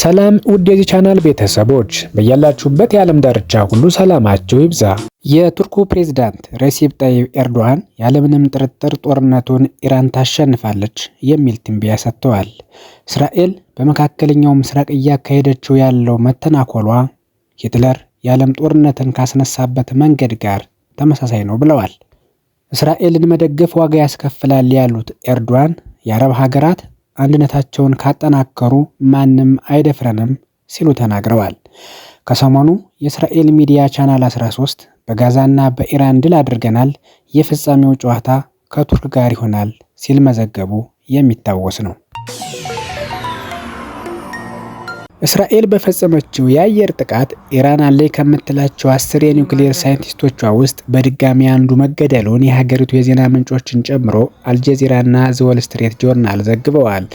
ሰላም ውድ የዚህ ቻናል ቤተሰቦች በያላችሁበት የዓለም ዳርቻ ሁሉ ሰላማችሁ ይብዛ። የቱርኩ ፕሬዝዳንት ሬሲፕ ጣይብ ኤርዶዋን ያለምንም ጥርጥር ጦርነቱን ኢራን ታሸንፋለች የሚል ትንቢያ ሰጥተዋል። እስራኤል በመካከለኛው ምስራቅ እያካሄደችው ያለው መተናኮሏ ሂትለር የዓለም ጦርነትን ካስነሳበት መንገድ ጋር ተመሳሳይ ነው ብለዋል። እስራኤልን መደገፍ ዋጋ ያስከፍላል ያሉት ኤርዶዋን የአረብ ሀገራት አንድነታቸውን ካጠናከሩ ማንም አይደፍረንም ሲሉ ተናግረዋል። ከሰሞኑ የእስራኤል ሚዲያ ቻናል 13 በጋዛና በኢራን ድል አድርገናል፣ የፍጻሜው ጨዋታ ከቱርክ ጋር ይሆናል ሲል መዘገቡ የሚታወስ ነው። እስራኤል በፈጸመችው የአየር ጥቃት ኢራን አለ ከምትላቸው አስር የኒውክሌር ሳይንቲስቶቿ ውስጥ በድጋሚ አንዱ መገደሉን የሀገሪቱ የዜና ምንጮችን ጨምሮ አልጀዚራና ዘወል ስትሬት ጆርናል ዘግበዋል።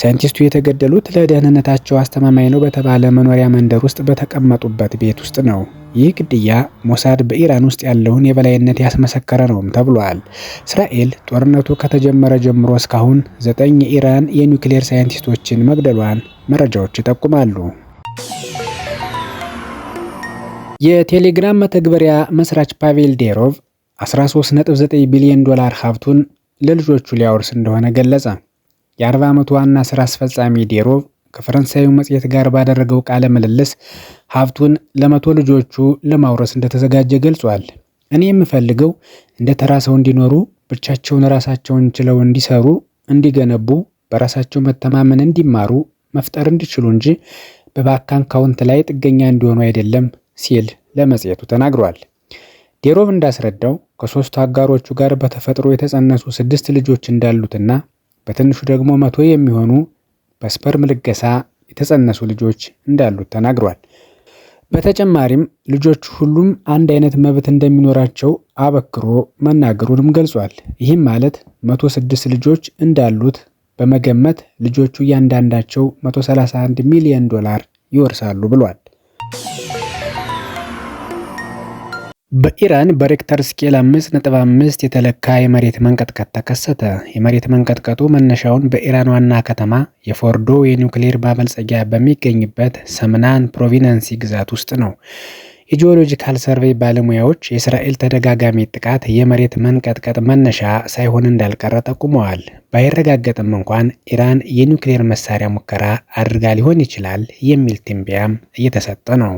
ሳይንቲስቱ የተገደሉት ለደህንነታቸው አስተማማኝ ነው በተባለ መኖሪያ መንደር ውስጥ በተቀመጡበት ቤት ውስጥ ነው። ይህ ግድያ ሞሳድ በኢራን ውስጥ ያለውን የበላይነት ያስመሰከረ ነውም ተብሏል። እስራኤል ጦርነቱ ከተጀመረ ጀምሮ እስካሁን ዘጠኝ የኢራን የኒውክሌር ሳይንቲስቶችን መግደሏን መረጃዎች ይጠቁማሉ። የቴሌግራም መተግበሪያ መስራች ፓቬል ዴሮቭ 13.9 ቢሊዮን ዶላር ሀብቱን ለልጆቹ ሊያወርስ እንደሆነ ገለጸ። የ40 ዓመቱ ዋና ስራ አስፈጻሚ ዴሮቭ ከፈረንሳዩ መጽሔት ጋር ባደረገው ቃለ ምልልስ ሀብቱን ለመቶ ልጆቹ ለማውረስ እንደተዘጋጀ ገልጿል። እኔ የምፈልገው እንደ ተራ ሰው እንዲኖሩ፣ ብቻቸውን ራሳቸውን ችለው እንዲሰሩ፣ እንዲገነቡ፣ በራሳቸው መተማመን እንዲማሩ መፍጠር እንዲችሉ እንጂ በባንክ አካውንት ላይ ጥገኛ እንዲሆኑ አይደለም ሲል ለመጽሔቱ ተናግሯል። ዴሮቭ እንዳስረዳው ከሶስቱ አጋሮቹ ጋር በተፈጥሮ የተጸነሱ ስድስት ልጆች እንዳሉትና በትንሹ ደግሞ መቶ የሚሆኑ በስፐርም ልገሳ የተጸነሱ ልጆች እንዳሉት ተናግሯል። በተጨማሪም ልጆቹ ሁሉም አንድ አይነት መብት እንደሚኖራቸው አበክሮ መናገሩንም ገልጿል። ይህም ማለት መቶ ስድስት ልጆች እንዳሉት በመገመት ልጆቹ እያንዳንዳቸው 131 ሚሊዮን ዶላር ይወርሳሉ ብሏል። በኢራን በሬክተር ስኬል 5.5 የተለካ የመሬት መንቀጥቀጥ ተከሰተ። የመሬት መንቀጥቀጡ መነሻውን በኢራን ዋና ከተማ የፎርዶ የኒውክሌር ማበልጸጊያ በሚገኝበት ሰምናን ፕሮቪነንሲ ግዛት ውስጥ ነው። የጂኦሎጂካል ሰርቬይ ባለሙያዎች የእስራኤል ተደጋጋሚ ጥቃት የመሬት መንቀጥቀጥ መነሻ ሳይሆን እንዳልቀረ ጠቁመዋል። ባይረጋገጥም እንኳን ኢራን የኒውክሌር መሳሪያ ሙከራ አድርጋ ሊሆን ይችላል የሚል ትንበያም እየተሰጠ ነው።